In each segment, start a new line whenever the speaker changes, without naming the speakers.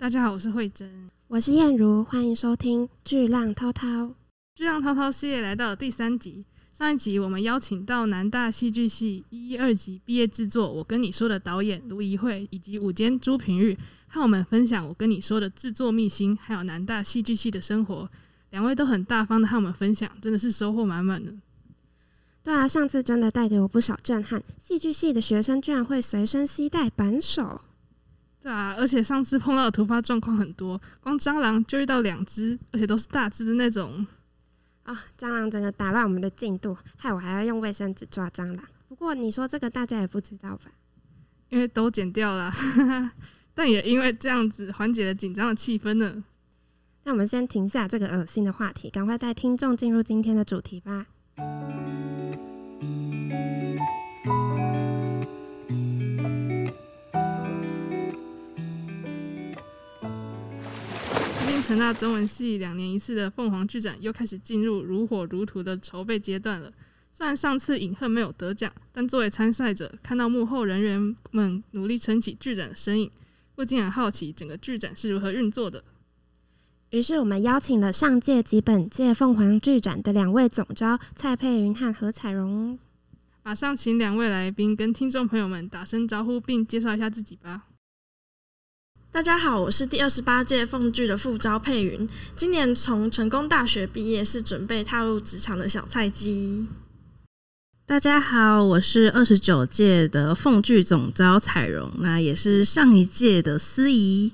大家好，我是慧珍。我是燕如，歡迎收聽《劇浪滔滔》。
劇浪滔滔系列來到第三集。上一集我們邀請到南大戲劇系一一二級畢業制作《我跟你說》的導演盧儀慧，以及舞監朱平玉，和我們分享《我跟你說》的制作秘辛，還有南大戲劇系的生活。兩位都很大方的和我們分享，真的是收穫滿滿的。
對啊，上次真的帶給我不少震撼。戲劇系的學生居然會隨身攜帶扳手。
對啊、而且上次碰到的突發狀況很多，光蟑螂就遇到兩隻，而且都是大隻的那種。
啊、哦，蟑螂整個打亂我們的進度，害我還要用衛生紙抓蟑螂。不過你說這個大家也不知道吧？因為都剪掉了哈哈，但也因為這樣子緩解了緊張的氣氛呢。那我們先停下這個噁心的話題，趕快帶聽眾進入今天的主題吧。
成大中文系兩年一次的鳳凰劇展又開始進入如火如荼的籌備階段了。雖然上次飲恨沒有得獎，但作為參賽者，看到幕後人員們努力撐起劇展的身影，不禁很好奇整個劇展是如何運作的。
於是我們邀請了上屆及本屆鳳凰劇展的兩位總召蔡佩芸和何彩榕。
馬上請兩位來賓跟聽眾朋友們打聲招
呼，並介紹一下自己吧。大家好，我是第二十八屆鳳劇的副召佩芸，今年從成功大學畢業，是準備踏入職場的小菜雞。
大家好，我是二十九屆的鳳劇總召彩榕，那也是上一屆的司儀。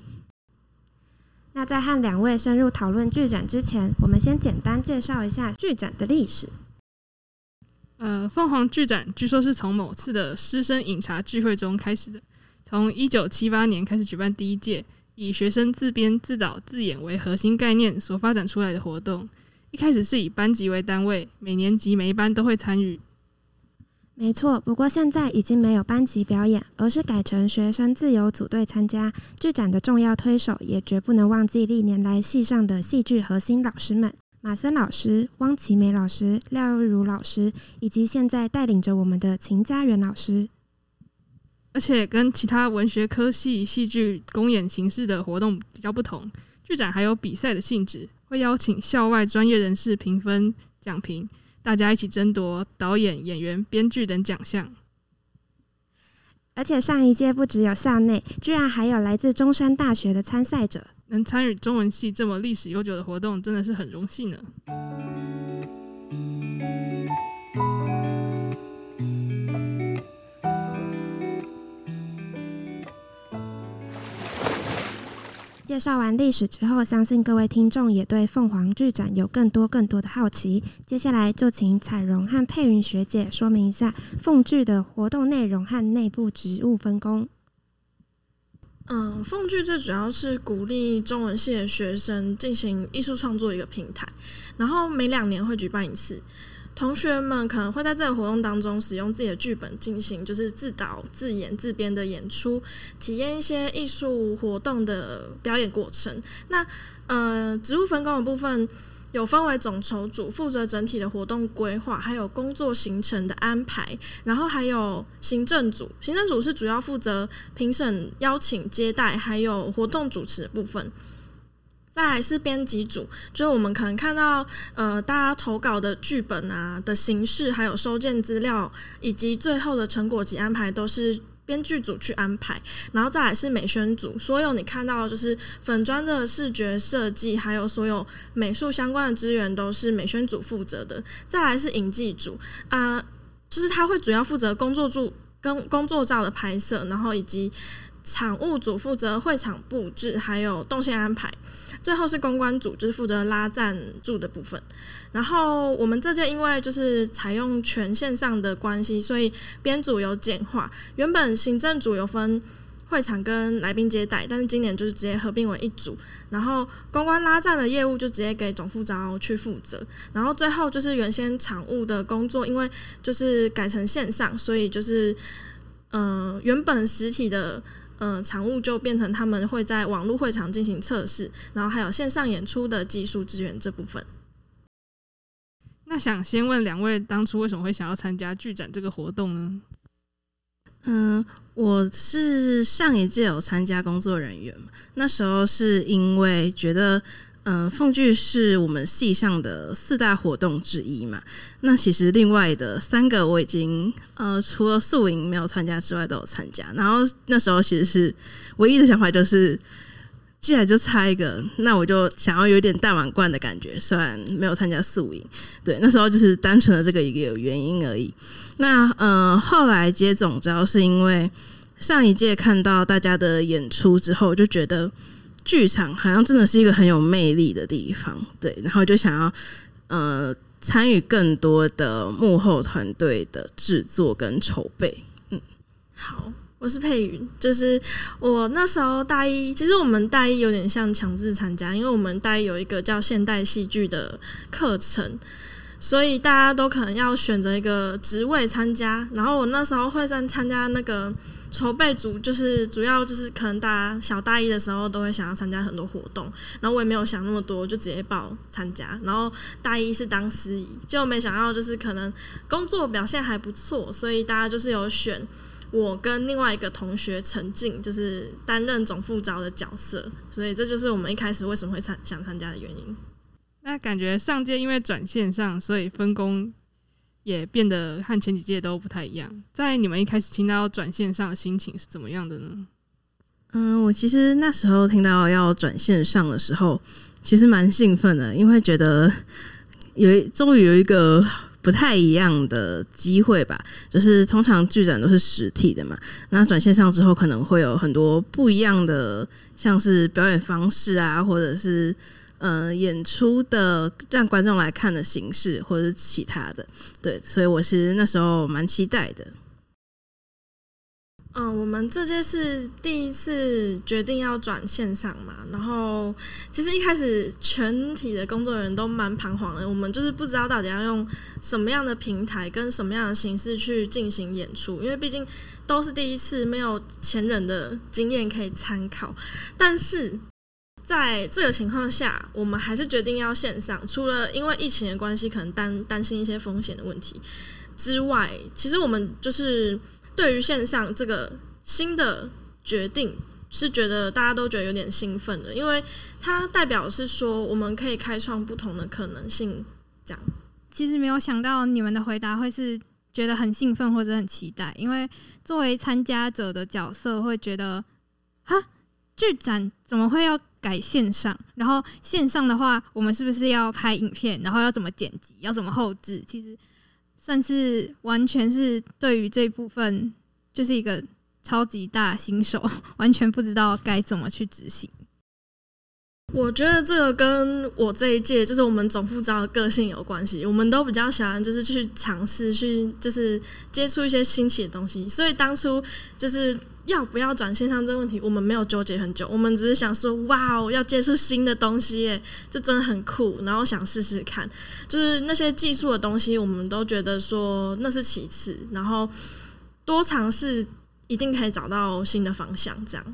那在和兩位深入討論劇展之前，我們先簡單介紹一下劇展的歷史。
呃，鳳凰劇展據說是從某次的師生飲茶聚會中開始的。從一九七八年開始舉辦第一屆，以學生自編自導，自，導自演為核心概念所發展出來的活動，一開始是以班級為單位，每年級
每一班都會參與。沒錯，不過現在已經沒有班級表演，而是改成學生自由組隊參加。劇展的重要推手也絕不能忘記歷年來系上的戲劇核心老師們：馬森老師、汪其楣老師、廖玉如老師，以及現在帶領着我們的秦嘉嫄老師。而且
跟其他文學科系戲劇公演形式的活動比較不同，劇展還有比賽的性質，會邀請校外專業人士評分、講評，大家一起爭奪導演、演員、編劇等獎項。
而且上一屆不只有校內，居然還有來自中山大學的參賽者，能參與中文
系這麼歷史悠久的活動，真的是很榮幸了。
介紹完歷史之後，相信各位聽眾也對鳳凰劇展有更多更多的好奇。接下來就請彩榕和佩芸學姐說明一下鳳劇的活動內容和內部職務分工。
嗯，鳳劇最主要是鼓勵中文系的學生進行藝術創作一個平台，然後每兩年會舉辦一次。同學們可能會在這個活動當中使用自己的劇本進行，就是自導自演自編的演出，體驗一些藝術活動的表演過程。那呃，職務分工的部分有分為總籌組負責整體的活動規劃，還有工作行程的安排，然後還有行政組。行政組是主要負責評審邀請、接待，還有活動主持的部分。再來是編輯組，就是我們可能看到呃大家投稿的劇本啊的形式，還有收件資料，以及最後的成果及安排都是編劇組去安排。然後再來是美宣組，所有你看到的就是粉專的視覺設計，還有所有美術相關的資源都是美宣組負責的。再來是影記組啊、呃，就是他會主要負責工作照跟工作照的拍攝，然後以及。場務組負責會場佈置，還有動線安排。最後是公關組，就是負責拉贊助的部分。然後我們這屆因為就是採用全線上的關係，所以編組有簡化。原本行政組有分會場跟來賓接待，但是今年就是直接合併為一組。然後公關拉贊助的業務就直接給總副召去負責。然後最後就是原先場務的工作，因為就是改成線上，所以就是嗯、呃，原本實體的。嗯、呃，常務就變成他們會在網路會場進行測試，然後還有線上演出的技術支援這部分。那想先問兩位，
當初為什麼會想要參加劇展這個活動呢？嗯、呃，我
是上一屆有參加工作人員，那時候是因為覺得。嗯，鳳劇、呃、是我們系上的四大活動之一嘛。那其實另外的三個我已經呃，除了宿營沒有參加之外，都有參加。然後那時候其實是唯一的想法就是，既然就差一個，那我就想要有一點大滿貫的感覺。雖然沒有參加宿營，對，那時候就是單純的這個一個原因而已。那呃，後來接總召是因為上一屆看到大家的演出之後，就覺得。劇場好像真的是一個很有魅力的地方，對，然後就想要呃參與更多的幕後團隊的制作跟籌備，
嗯，好，我是佩芸，就是我那時候大一，其實我們大一有點像強制參加，因為我們大一有一個叫現代戲劇的課程，所以大家都可能要選擇一個職位參加，然後我那時候會在參加那個。籌備組就是主要就是可能大家小大一的時候都會想要參加很多活動，然後我也沒有想那麼多，就直接報參加。然後大一是當司儀，就沒想到就是可能工作表現還不錯，所以大家就是有選我跟另外一個同學陳靜，就是擔任總副召的角色。所以這就是我們一開始為什麼會參想參加的原因。
那感覺上屆因為轉線上，所以分工。也變得和前幾屆都不太一樣。在，你們一開始聽到轉線上的心情是怎麼樣的呢？嗯，
我其實那時候聽到要轉線上的時候，其實蠻興奮的，因為覺得有終於有一個不太一樣的機會吧。就是通常劇展都是實體的嘛，那轉線上之後可能會有很多不一樣的，像是表演方式啊，或者是。嗯、呃，演出的讓觀眾來看的形式，或者是其他的，對，所以我是那時候蠻期待的。
嗯、呃，我們這屆是第一次決定要轉線上嘛，然後其實一開始全體的工作人員都蠻彷徨的，我們就是不知道到底要用什麼樣的平台跟什麼樣的形式去進行演出，因為畢竟都是第一次，沒有前人的經驗可以參考，但是。在這個情況下，我們還是決定要線上。除了因為疫情的關係，可能擔擔心一些風險的問題之外，其實我們就是對於線上這個新的決定，是覺得大家都覺得有點興奮的，因為它代表是說我們可以開創不同的可能性。這樣，
其實沒有想到你們的回答會是覺得很興奮或者很期待，因為作為參加者的角色，會覺得哈，劇展怎麼會要？改線上，然後線上的話，我們是不是要拍影片？然後要怎麼剪輯？要怎麼後製？其實算是完全是對於這部分，就是一個超級大新手，完全不知道該怎麼去執行。
我覺得這個跟我這一屆就是我們總副召的個性有關係，我們都比較喜歡就是去嘗試，去就是接觸一些新奇的東西。所以當初就是。要不要轉線上這個問題，我們沒有糾結很久，我們只是想說，哇，要接觸新的東西耶，這真的很酷，然後想試試看，就是那些技術的東西，我們都覺得說那是其次，然後多嘗試一定可以找到新的方向這樣。
樣，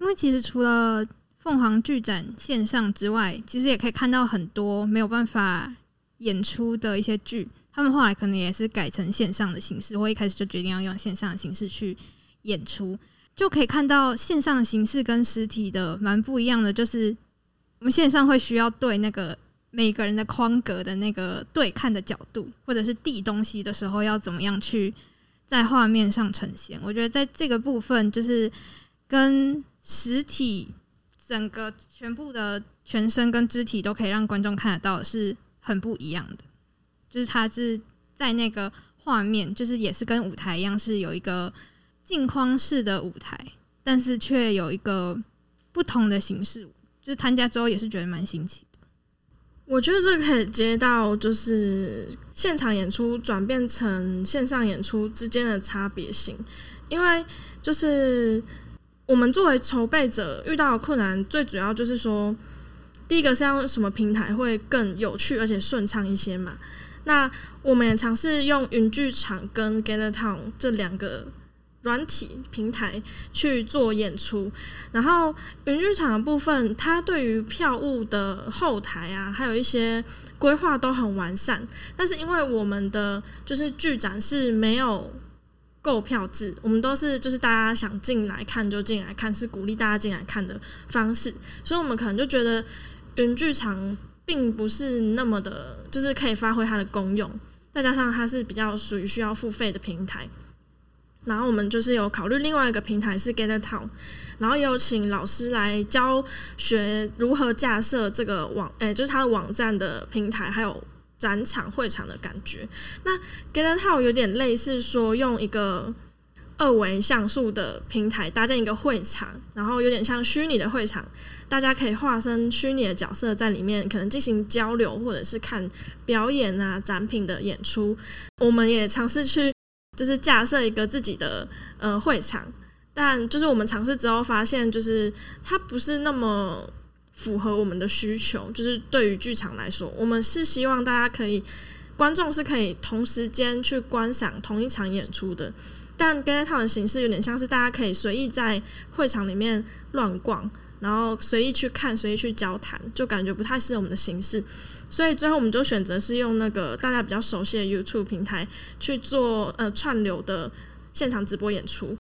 因為其實除了鳳凰劇展線上之外，其實也可以看到很多沒有辦法演出的一些劇，他們後來可能也是改成線上的形式，或一開始就決定要用線上的形式去。演出就可以看到線上形式跟實體的蠻不一樣的，就是我們線上會需要對那個每個人的框格的那個對看的角度，或者是遞東西的時候要怎麼樣去在畫面上呈現。我覺得在這個部分，就是跟實體整個全部的全身跟肢體都可以讓觀眾看得到，是很不一樣的。就是它是在那個畫面，就是也是跟舞台一樣，是有一個。鏡框式的舞台，但是卻有一個不同的形式，就是參加之後也是覺得蠻新奇的。
我覺得這可以接到就是現場演出轉變成線上演出之間的差別性，因為就是我們作為籌備者遇到的困難最主要就是說，第一個是要什麼平台會更有趣而且順暢一些嘛？那我們也嘗試用雲劇場跟 Gather Town 這兩個。軟體平台去做演出，然後雲劇場的部分，它對於票務的後台啊，還有一些規劃都很完善。但是因為我們的就是劇展是沒有購票制，我們都是就是大家想進來看就進來看，是鼓勵大家進來看的方式，所以我們可能就覺得雲劇場並不是那麼的，就是可以發揮它的功用。再加上它是比較屬於需要付費的平台。然後我們就是有考慮另外一個平台是 Gather Town，然後也有請老師來教學如何架設這個網，誒、哎，就是它的網站的平台，還有展場會場的感覺。那 Gather Town 有點類似說用一個二維像素的平台搭建一個會場，然後有點像虛擬的會場，大家可以化身虛擬的角色在裡面，可能進行交流或者是看表演啊、展品的演出。我們也嘗試去。就是架設一個自己的呃會場，但就是我們嘗試之後發現，就是它不是那麼符合我們的需求。就是對於劇場來說，我們是希望大家可以，觀眾是可以同時間去觀賞同一場演出的，但跟他的形式有點像是大家可以隨意在會場裡面亂逛，然後隨意去看、隨意去交談，就感覺不太適合我們的形式。所以最後我們就選擇是用那個大家比較熟悉的 YouTube 平台去做呃串流的現場直播演出。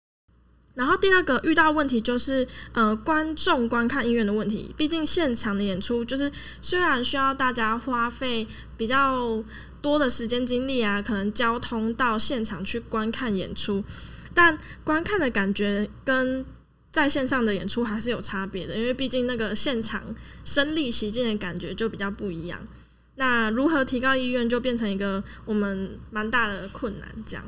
然後第二個遇到問題就是呃觀眾觀看意願的問題。畢竟現場的演出就是雖然需要大家花費比較多的時間精力啊，可能交通到現場去觀看演出，但觀看的感覺跟在線上的演出還是有差別的，因為畢竟那個現場身歷其境的感覺就比較不一樣。那如何提高意願，就變成一個我們蠻大的困難。這樣，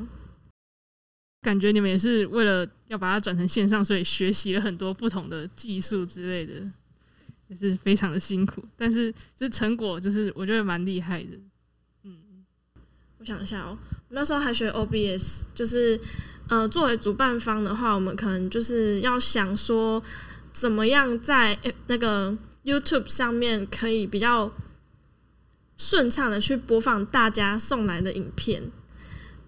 感覺你們也是為了要把它轉成線上，所以學習了很多不同的技術之類的，也是非常的辛苦。
但是，就是
成果，就是我覺得蠻厲害的。嗯，
我想一下哦。那時候還學 OBS，就是，呃，作為主辦方的話，我們可能就是要想說，怎麼樣在，欸，那個 YouTube 上面可以比較順暢的去播放大家送來的影片，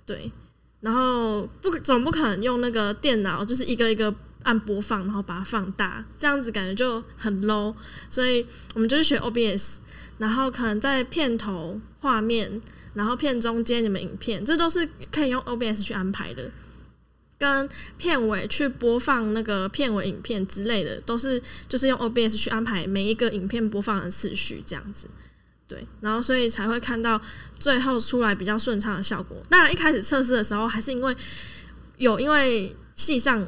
對，然後不，總不可能用那個電腦就是一個一個按播放，然後把它放大，這樣子感覺就很 low，所以我們就是學 OBS。然後可能在片頭畫面，然後片中間你們影片，這都是可以用 OBS 去安排的，跟片尾去播放那個片尾影片之類的，都是就是用 OBS 去安排每一個影片播放的次序這樣子，對，然後所以才會看到最後出來比較順暢的效果。當然一開始測試的時候，還是因為有因為系上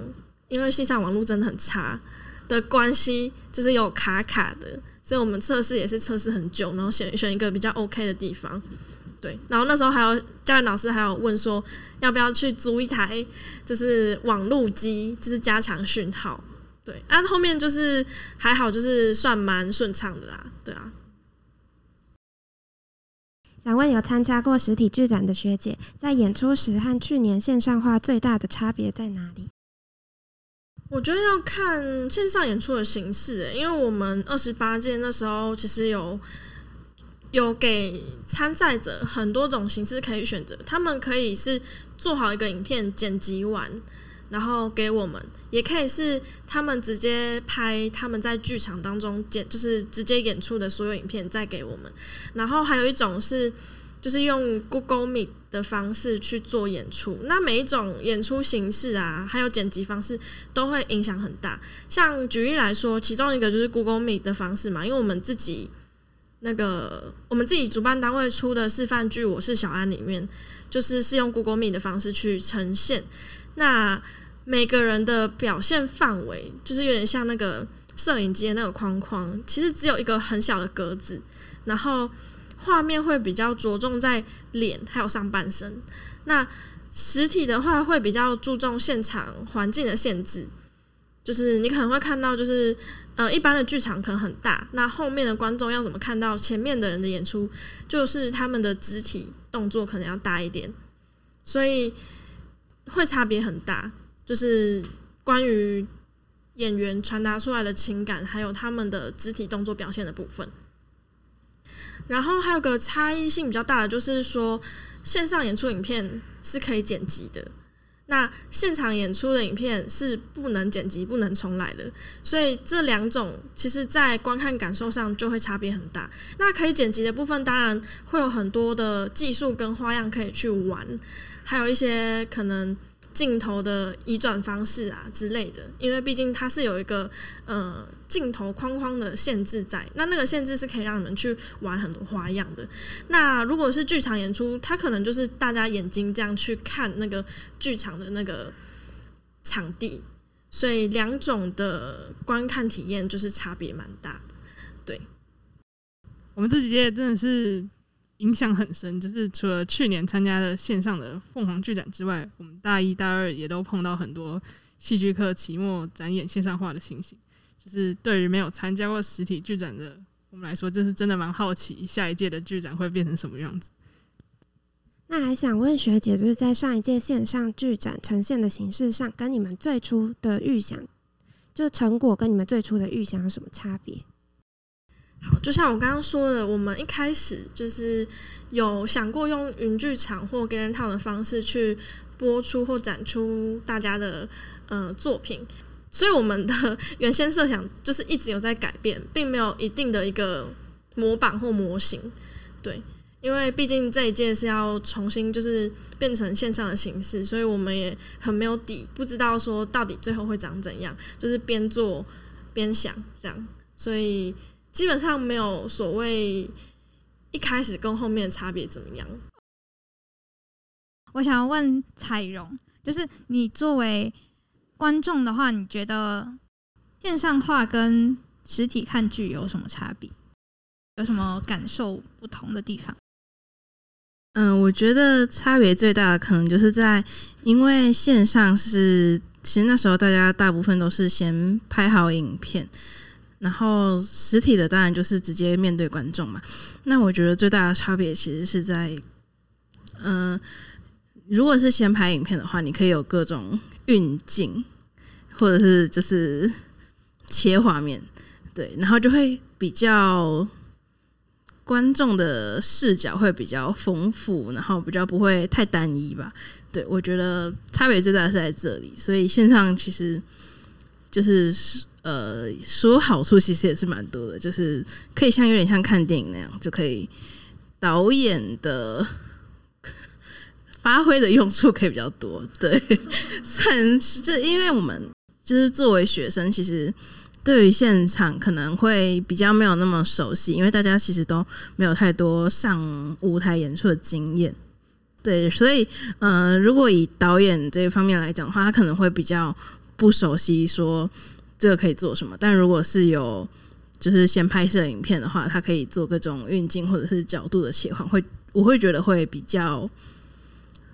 因為系上網絡真的很差的關係，就是有卡卡的。所以，我們測試也是測試很久，然後選選一個比較 OK 的地方，對。然後那時候還有教員老師還有問說，要不要去租一台，就是網路機，就是加強訊號，對。啊，後面就是還好，就是算蠻順暢的啦，
對啊。想問有參加過實體劇展的學姐，在演出時和去年線上化最大的差別在哪裡？
我覺得要看線上演出的形式誒，因為我們二十八屆那時候其實有有給參賽者很多種形式可以選擇，他們可以是做好一個影片剪輯完，然後給我們，也可以是他們直接拍他們在劇場當中剪，就是直接演出的所有影片再給我們，然後還有一種是就是用 Google Meet。的方式去做演出，那每一種演出形式啊，還有剪輯方式都會影響很大。像舉例來說，其中一個就是 Google Meet 的方式嘛，因為我們自己那個我們自己主辦單位出的示範劇《我是小安》裡面，就是是用 Google Meet 的方式去呈現。那每個人的表現範圍，就是有點像那個攝影機的那個框框，其實只有一個很小的格子，然後。畫面會比較着重在臉還有上半身，那實體的話會比較注重現場環境的限制，就是你可能會看到，就是呃一般的劇場可能很大，那後面的觀眾要怎麼看到前面的人的演出，就是他們的肢體動作可能要大一點，所以會差別很大，就是關於演員傳達出來的情感，還有他們的肢體動作表現的部分。然後還有個差異性比較大的，就是說，線上演出影片是可以剪輯的，那現場演出的影片是不能剪輯、不能重來的，所以這兩種其實在觀看感受上就會差別很大。那可以剪輯的部分，當然會有很多的技術跟花樣可以去玩，還有一些可能。鏡頭的移轉方式啊之類的，因為畢竟它是有一個呃鏡頭框框的限制在，那那個限制是可以讓你們去玩很多花樣的。那如果是劇場演出，它可能就是大家眼睛這樣去看那個劇場的那個場地，所以兩種的觀看體驗就是差別蠻大的。對，
我們這幾天真的是。影響很深，就是除了去年參加的線上的鳳凰劇展之外，我們大一、大二也都碰到很多戲劇課期末展演線上化的情形。就是對於沒有參加過實體劇展的我們來說，就是真的蠻好奇下一屆的劇展會變成什麼樣子。
那還想問學姐，就是在上一屆線上劇展呈現的形式上，跟你們最初的預想，就是、成果跟你們最初的預想有什麼差別？好，就
像我剛剛說的，我們一開始就是有想過用雲劇場或 Gather Town 的方式去播出或展出大家的，呃、作品，所以我們的原先設想就是一直有在改變，並沒有一定的一個模板或模型，對，因為畢竟這一屆是要重新就是變成線上的形式，所以我們也很沒有底，不知道說到底最後會長怎樣，就是邊做邊想這樣，所以。基本上沒有所謂一開始跟後面差別怎麼樣？
我想要問彩榕，就是你作為觀眾的話，你覺得線上化跟實體看劇有什麼差別？有什麼感受不同的地方？
嗯、呃，我覺得差別最大的可能就是在，因為線上是其實那時候大家大部分都是先拍好影片。然後實體的當然就是直接面對觀眾嘛。那我覺得最大的差別其實是在，嗯、呃，如果是先拍影片的話，你可以有各種運鏡，或者是就是切畫面，對，然後就會比較觀眾的視角會比較豐富，然後比較不會太單一吧。對，我覺得差別最大的是在這裡。所以線上其實就是。呃，說好處其實也是蠻多的，就是可以像有點像看電影那樣，就可以導演的發揮的用處可以比較多。對，算是就因為我們就是作為學生，其實對於現場可能會比較沒有那麼熟悉，因為大家其實都沒有太多上舞台演出的經驗。對，所以呃，如果以導演這方面來講的話，他可能會比較不熟悉說。這個可以做什麼？但如果是有，就是先拍攝影片的話，他可以做各種運鏡或者是角度的切換，會我會覺得會比較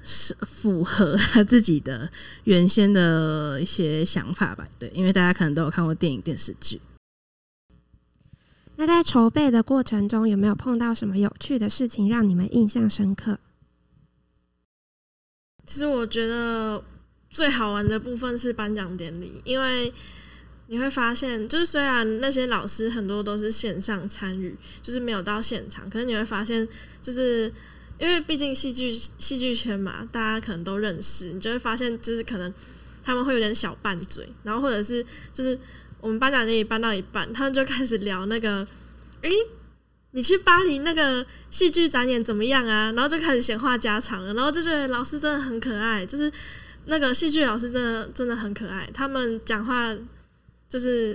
是符合他自己的原先的一些想法吧。對，因為大家可能都有看過電影、電視劇。
那在籌備的過程中，有沒有碰到什麼有趣的事情讓你們印象深刻？
其實我覺得最好玩的部分是頒獎典禮，因為。你會發現，就是雖然那些老師很多都是線上參與，就是沒有到現場，可是你會發現，就是因為畢竟戲劇戲劇圈嘛，大家可能都認識，你就會發現，就是可能他們會有點小拌嘴，然後或者是就是我們班長那裡拌到一半，他們就開始聊那個，哎、欸，你去巴黎那個戲劇展演怎麼樣啊？然後就開始閒話家常了，然後就覺得老師真的很可愛，就是那個戲劇老師真的真的很可愛，他們講話。就是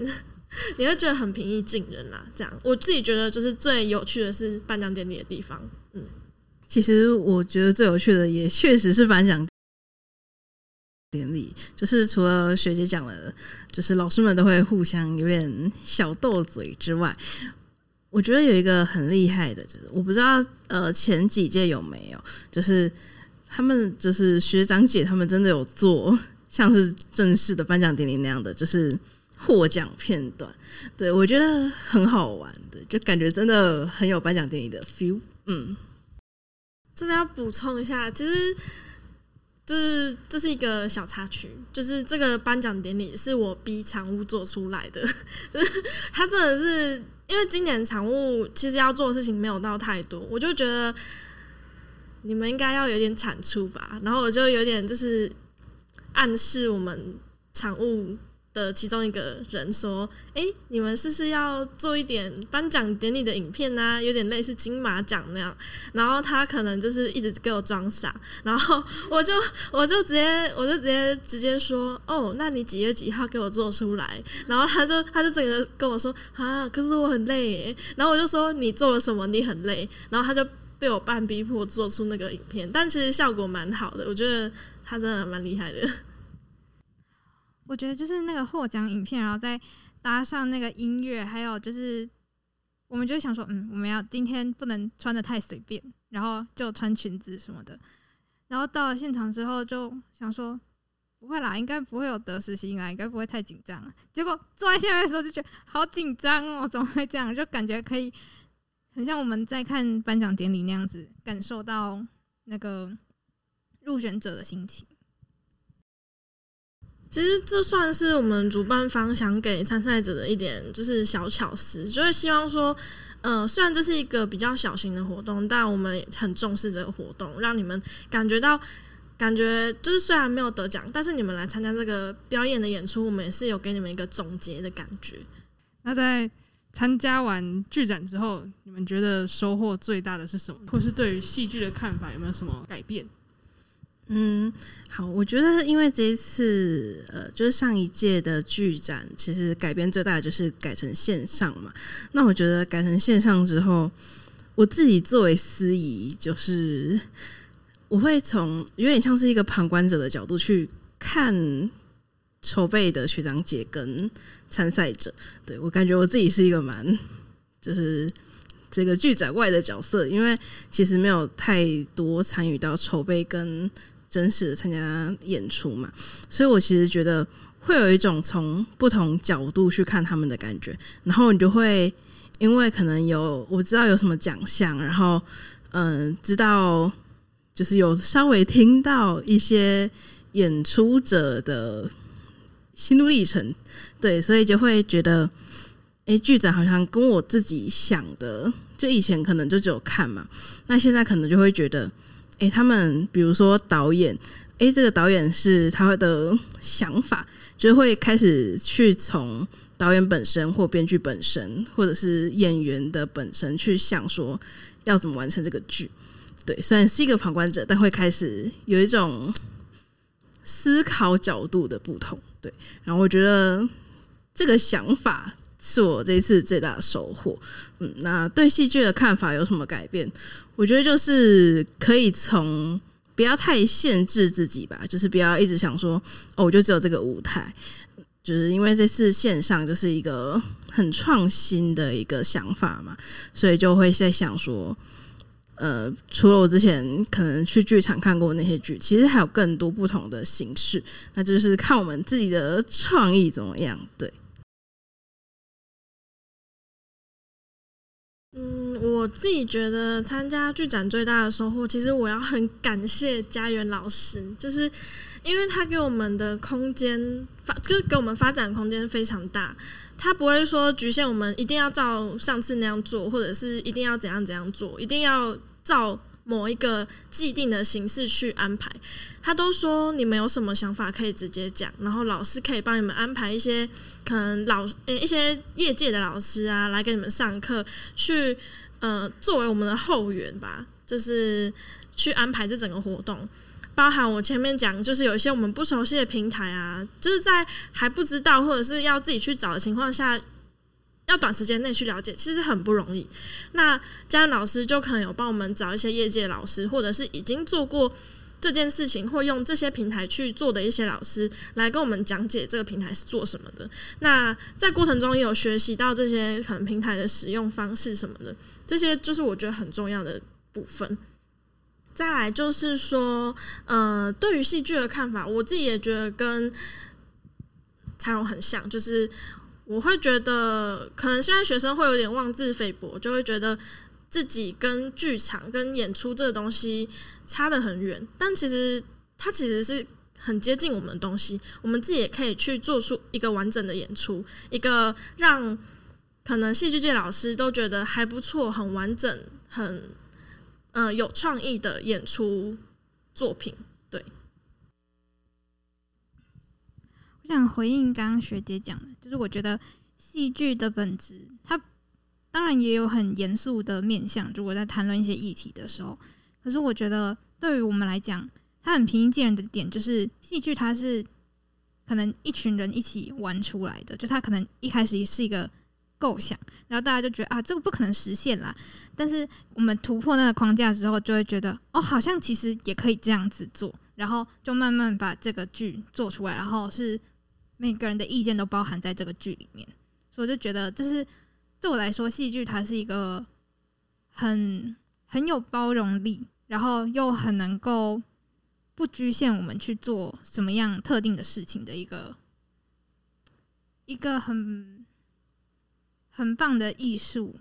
你會覺得很平易近人啦、啊，這樣。我自己覺得就是最有趣的是頒獎典禮的地方。
嗯，其實我覺得最有趣的也確實是頒獎典禮，就是除了學姐講的，就是老師們都會互相有點小鬥嘴之外，我覺得有一個很厲害的，就是我不知道呃前幾屆有沒有，就是他們就是學長姐他們真的有做像是正式的頒獎典禮那樣的，就是。獲獎片段，對我覺得很好玩對，就感覺真的很有頒獎典禮的 feel。嗯，
這邊要補充一下，其實就是這是一個小插曲，就是這個頒獎典禮是我逼場務做出來的。他、就是、真的是因為今年場務其實要做的事情沒有到太多，我就覺得你們應該要有點產出吧。然後我就有點就是暗示我們場務。的其中一個人說：“哎、欸，你們是不是要做一點頒獎典禮的影片啊？有點類似金馬獎那樣。”然後他可能就是一直給我裝傻，然後我就我就直接我就直接直接說：“哦，那你幾月幾號給我做出來？”然後他就他就整個跟我說：“啊，可是我很累欸。”然後我就說：“你做了什麼？你很累？”然後他就被我半逼迫做出那個影片，但其實效果蠻好的，我覺得他真的蠻厲害的。
我覺得就是那個獲獎影片，然後再搭上那個音樂，還有就是我們就想說，嗯，我們要今天不能穿得太隨便，然後就穿裙子什麼的。然後到了現場之後，就想說不會啦，應該不會有得失心啊，應該不會太緊張。結果坐在下面的時候就覺得好緊張哦，怎麼會這樣，就感覺可以很像我們在看頒獎典禮那樣子，感受到那個入選者的心情。
其實這算是我們主辦方想給參賽者的一點，就是小巧思，就是希望說，嗯、呃，雖然這是一個比較小型的活動，但我們也很重視這個活動，讓你們感覺到，感覺就是雖然沒有得獎，但是你們來參加這個表演的演出，我們也是有給你們一個總結的感覺。那在參加完劇展之後，
你們覺得收穫最大的是什麼？或是對於戲劇的看法有沒有什麼改變？
嗯，好，我覺得因為這一次呃，就是上一屆的劇展，其實改變最大的就是改成線上嘛。那我覺得改成線上之後，我自己作為司儀，就是我會從有點像是一個旁觀者的角度去看籌備的學長姐跟參賽者。對，我感覺我自己是一個蠻就是這個劇展外的角色，因為其實沒有太多參與到籌備跟真實的參加演出嘛，所以我其實覺得會有一種從不同角度去看他們的感覺，然後你就會因為可能有我知道有什麼獎項，然後嗯，知道就是有稍微聽到一些演出者的心路歷程，對，所以就會覺得哎，劇展好像跟我自己想的，就以前可能就只有看嘛，那現在可能就會覺得。誒、欸，他們比如說導演，誒、欸，這個導演是他的想法，就會開始去從導演本身或編劇本身，或者是演員的本身去想說要怎麼完成這個劇。對，雖然是一個旁觀者，但會開始有一種思考角度的不同。對，然後我覺得這個想法。是我這次最大的收穫。嗯，那對戲劇的看法有什麼改變？我覺得就是可以從不要太限制自己吧，就是不要一直想說哦，我就只有這個舞台。就是因為這次線上就是一個很創新的一個想法嘛，所以就會在想說，呃，除了我之前可能去劇場看過那些劇，其實還有更多不同的形式。那就是看我們自己的創意怎麼樣，對。
嗯，我自己覺得參加劇展最大的收穫，其實我要很感謝嘉元老師，就是因為他給我們的空間，發就給我們發展空間非常大，他不會說侷限我們一定要照上次那樣做，或者是一定要怎樣怎樣做，一定要照。某一個既定的形式去安排，他都說，你們有什麼想法可以直接講，然後老師可以幫你們安排一些可能老、欸、一些業界的老師啊來給你們上課，去嗯、呃，作為我們的後援吧，就是去安排這整個活動，包含我前面講，就是有一些我們不熟悉的平台啊，就是在還不知道或者是要自己去找的情況下。要短時間內去了解，其實很不容易。那嘉老師就可能有幫我們找一些業界老師，或者是已經做過這件事情，或用這些平台去做的一些老師，來跟我們講解這個平台是做什麼的。那在過程中也有學習到這些可能平台的使用方式什麼的，這些就是我覺得很重要的部分。再來就是說，呃，對於戲劇的看法，我自己也覺得跟彩榕很像，就是。我會覺得，可能現在學生會有點妄自菲薄，就會覺得自己跟劇場、跟演出這個東西差得很遠。但其實它其實是很接近我們的東西，我們自己也可以去做出一個完整的演出，一個讓可能戲劇界老師都覺得還不錯、很完整、很嗯、呃、有創意的演出作品。
想回應剛剛學姐講的，就是我覺得戲劇的本質，它當然也有很嚴肅的面向。如果在談論一些議題的時候，可是我覺得對於我們來講，它很平易近人的點就是戲劇，它是可能一群人一起玩出來的。就它可能一開始是一個構想，然後大家就覺得啊，這個不可能實現啦。但是我們突破那個框架之後，就會覺得哦，好像其實也可以這樣子做。然後就慢慢把這個劇做出來，然後是。每個人的意見都包含在這個劇裡面，所以我就覺得，這是對我來說，戲劇它是一個很很有包容力，然後又很能夠不侷限我們去做什麼樣特定的事情的一個一個很很棒的藝術。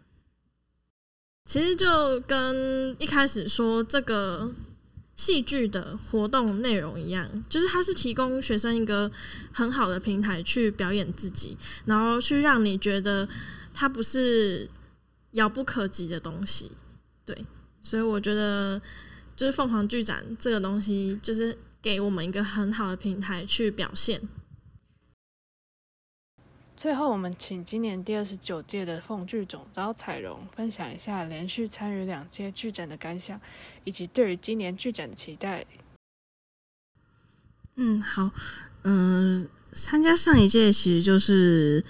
其實就跟一開始說這個。戲劇的活動內容一樣，就是它是提供學生一個很好的平台去表演自己，然後去讓你覺得它不是遙不可及的東西，對，所以我覺得就是鳳凰劇展這個東西，就是給我們一個很好的平台去表現。最後，我們請今年第二十九屆的鳳劇總召彩榕分享一下
連續參與兩屆劇展的感想，以及對於今年劇展的期待。
嗯，好，嗯、呃，參加上一屆其實就是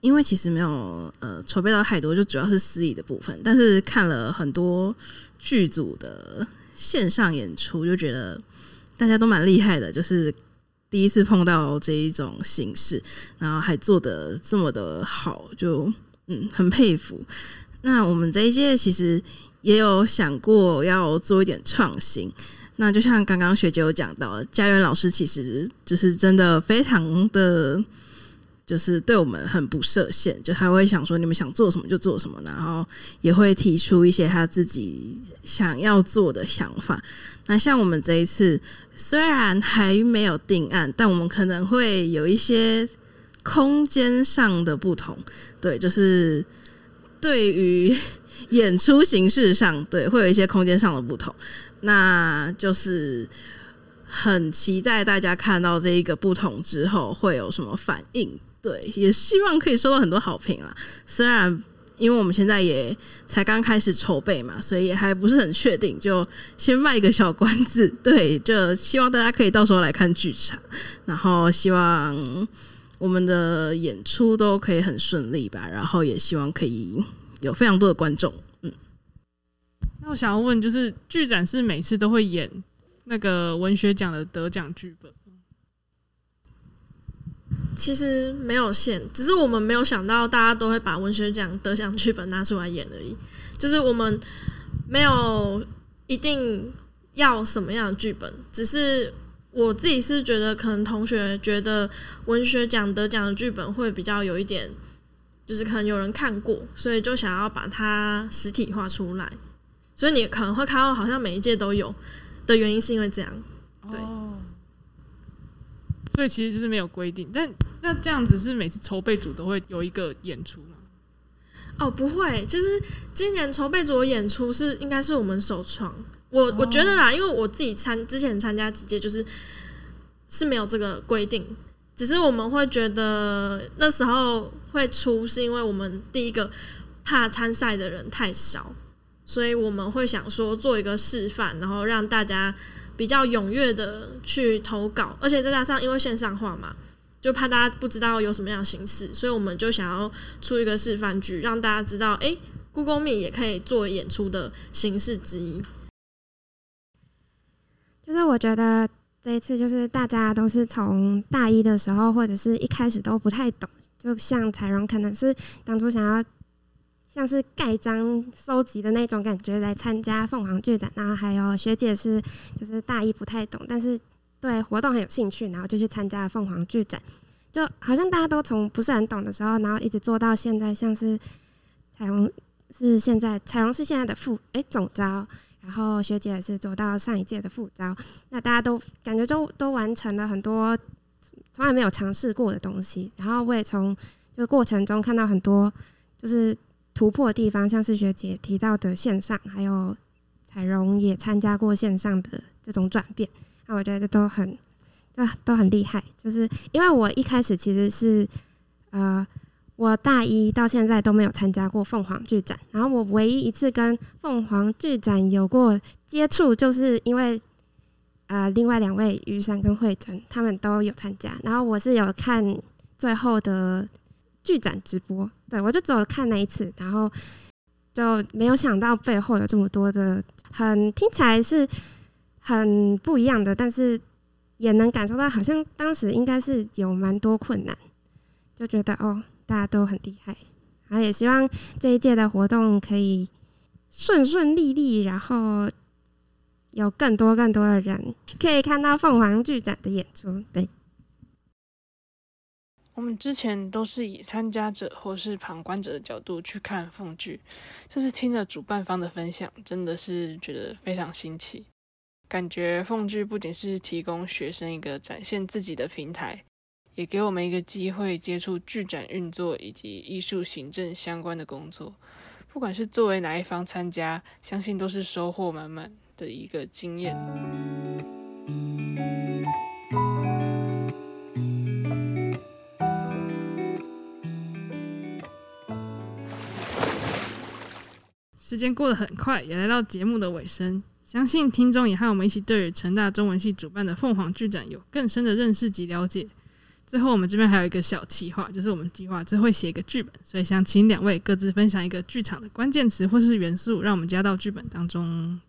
因為其實沒有呃籌備到太多，就主要是司儀的部分。但是看了很多劇組的線上演出，就覺得大家都蠻厲害的，就是。第一次碰到這一種形式，然後還做得這麼的好，就嗯很佩服。那我們這一屆其實也有想過要做一點創新，那就像剛剛學姐有講到，佳媛老師其實就是真的非常的。就是對我們很不設限，就他會想說你們想做什麼就做什麼，然後也會提出一些他自己想要做的想法。那像我們這一次雖然還沒有定案，但我們可能會有一些空間上的不同。對，就是對於演出形式上，對，會有一些空間上的不同。那就是很期待大家看到這一個不同之後會有什麼反應。對，也希望可以收到很多好評啦。雖然因為我們現在也才剛開始籌備嘛，所以也還不是很確定，就先賣一個小關子。對，就希望大家可以到時候來看劇場，然後希望我們的演出都可以很順利吧。然後也希望可以有非常多的觀眾。嗯，
那我想要問，就是劇展是每次都會演那個文學獎的得獎劇本？
其實沒有限，只是我們沒有想到大家都會把文學獎得獎劇本拿出來演而已。就是我們沒有一定要什麼樣的劇本，只是我自己是覺得，可能同學覺得文學獎得獎的劇本會比較有一點，就是可能有人看過，所以就想要把它實體化出來。所以你可能會看到好像每一屆都有的原因是因為這樣，對。Oh.
所以其實就是沒有規定，但那這樣子是每次籌備組都會有一個演出嗎？
哦，oh, 不會，其實今年籌備組的演出是應該是我們首創。我我覺得啦，oh. 因為我自己參之前參加幾屆就是是沒有這個規定，只是我們會覺得那時候會出，是因為我們第一個怕參賽的人太少，所以我們會想說做一個示範，然後讓大家。比較踴躍的去投稿，而且再加上因為線上化嘛，就怕大家不知道有什麼樣的形式，所以我們就想要出一個示範劇，讓大家知道、欸，哎，Google Meet 也可以做演出的形式之一。
就是我覺得這一次就是大家都是從大一的時候或者是一開始都不太懂，就像彩榕，可能是當初想要。像是蓋章收集的那種感覺來參加鳳凰劇展，然後還有學姐是就是大一不太懂，但是對活動很有興趣，然後就去參加了鳳凰劇展，就好像大家都從不是很懂的時候，然後一直做到現在，像是彩榕是現在彩榕是現在的副哎、欸、總召，然後學姐也是做到上一屆的副召，那大家都感覺都都完成了很多從來沒有嘗試過的東西，然後我也從這個過程中看到很多就是。突破的地方，像是學姐提到的線上，還有彩榕也參加過線上的這種轉變，那我覺得這都很，啊都很厲害。就是因為我一開始其實是，呃，我大一到現在都沒有參加過鳳凰劇展，然後我唯一一次跟鳳凰劇展有過接觸，就是因為，呃，另外兩位於珊跟慧珍他們都有參加，然後我是有看最後的。劇展直播，對，我就只有看那一次，然後就沒有想到背後有這麼多的，很聽起來是很不一樣的，但是也能感受到，好像當時應該是有蠻多困難，就覺得哦，大家都很厲害，然後，也希望這一屆的活動可以順順利利，然後有更多更多的人可以看到鳳凰劇展的演出，對。
我們之前都是以參加者或是旁觀者的角度去看鳳劇，這次聽了主辦方的分享，真的是覺得非常新奇。感覺鳳劇不僅是提供學生一個展現自己的平台，也給我們一個機會接觸劇展運作以及藝術行政相關的工作。不管是作為哪一方參加，相信都是收穫滿滿的一個經驗。時間過得很快，也來到節目的尾聲。相信聽眾也和我們一起對於成大中文系主辦的鳳凰劇展有更深的認識及了解。最後，我們這邊還有一個小企劃，就是我們計劃之後會寫一個劇本，所以想請兩位各自分享一個劇場的關鍵詞或是元素，讓我們加到劇本當中。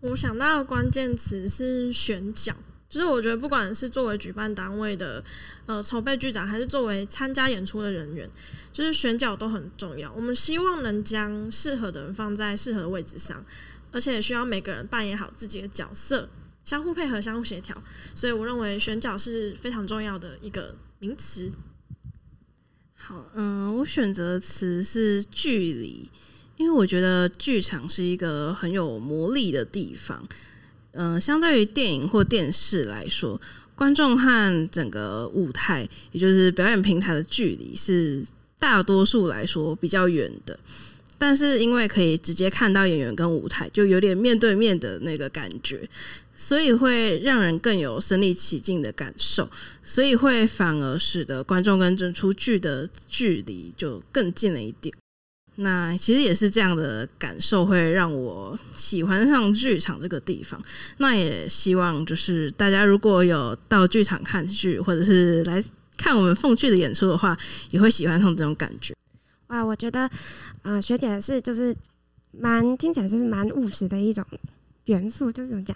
我想到的關鍵詞是選角。就是我覺得，不管是作為舉辦單位的，呃，籌備劇展，還是作為參加演出的人員，就是選角都很重要。我們希望能將適合的人放在適合的位置上，而且也需要每個人扮演好自己的角色，相互配合，相互協調。所以，我認為選角是非常重要的一個名詞。
好，嗯，我選擇的詞是“距離”，因為我覺得劇場是一個很有魔力的地方。嗯，相對於電影或電視來說，觀眾和整個舞台，也就是表演平台的距離是大多數來說比較遠的。但是因為可以直接看到演員跟舞台，就有點面對面的那個感覺，所以會讓人更有身臨其境的感受，所以會反而使得觀眾跟整出劇的距離就更近了一點。那其實也是這樣的感受，會讓我喜歡上劇場這個地方。那也希望就是大家如果有到劇場看劇，或者是來看我們鳳劇的演出的話，也會喜歡上這種感覺。
哇，我覺得，呃，學姐是就是蠻聽起來就是蠻務實的一種元素，就是、怎麼講，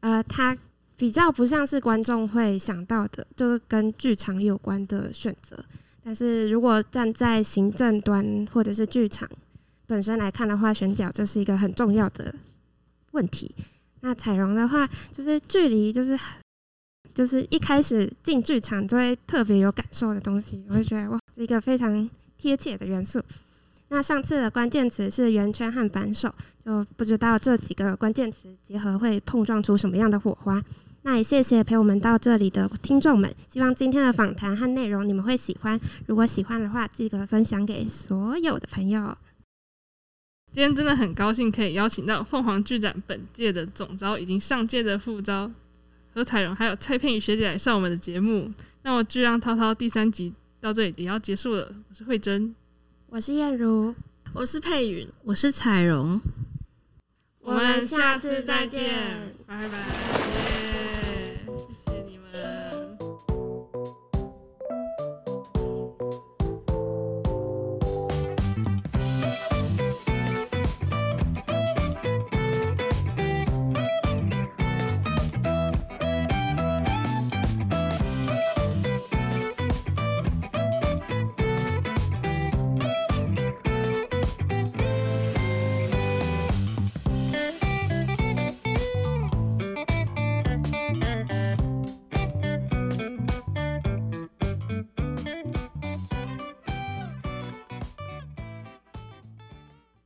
呃，它比較不像是觀眾會想到的，就是跟劇場有關的選擇。但是如果站在行政端或者是劇場本身來看的話，選角就是一個很重要的問題。那彩榕的話，就是距離，就是就是一開始進劇場就會特別有感受的東西，我就覺得哇，是一個非常貼切的元素。那上次的關鍵詞是圓圈和扳手，就不知道這幾個關鍵詞結合會碰撞出什麼樣的火花。那也謝謝陪我們到這裡的聽眾們，希望今天的訪談和內容你們會喜歡。如果喜歡的話，記得分享給所有的朋友。今天真的很
高興可以邀請到鳳凰劇展本屆的總召，以及上屆的副召何彩榕，還有蔡佩芸學姐來上我們的節目。那我就讓滔滔第三集到這裡也要結束了。我是慧珍，我是彥茹，
我是佩芸，
我是彩榕。我，
我
們下次再見，
拜拜。拜拜。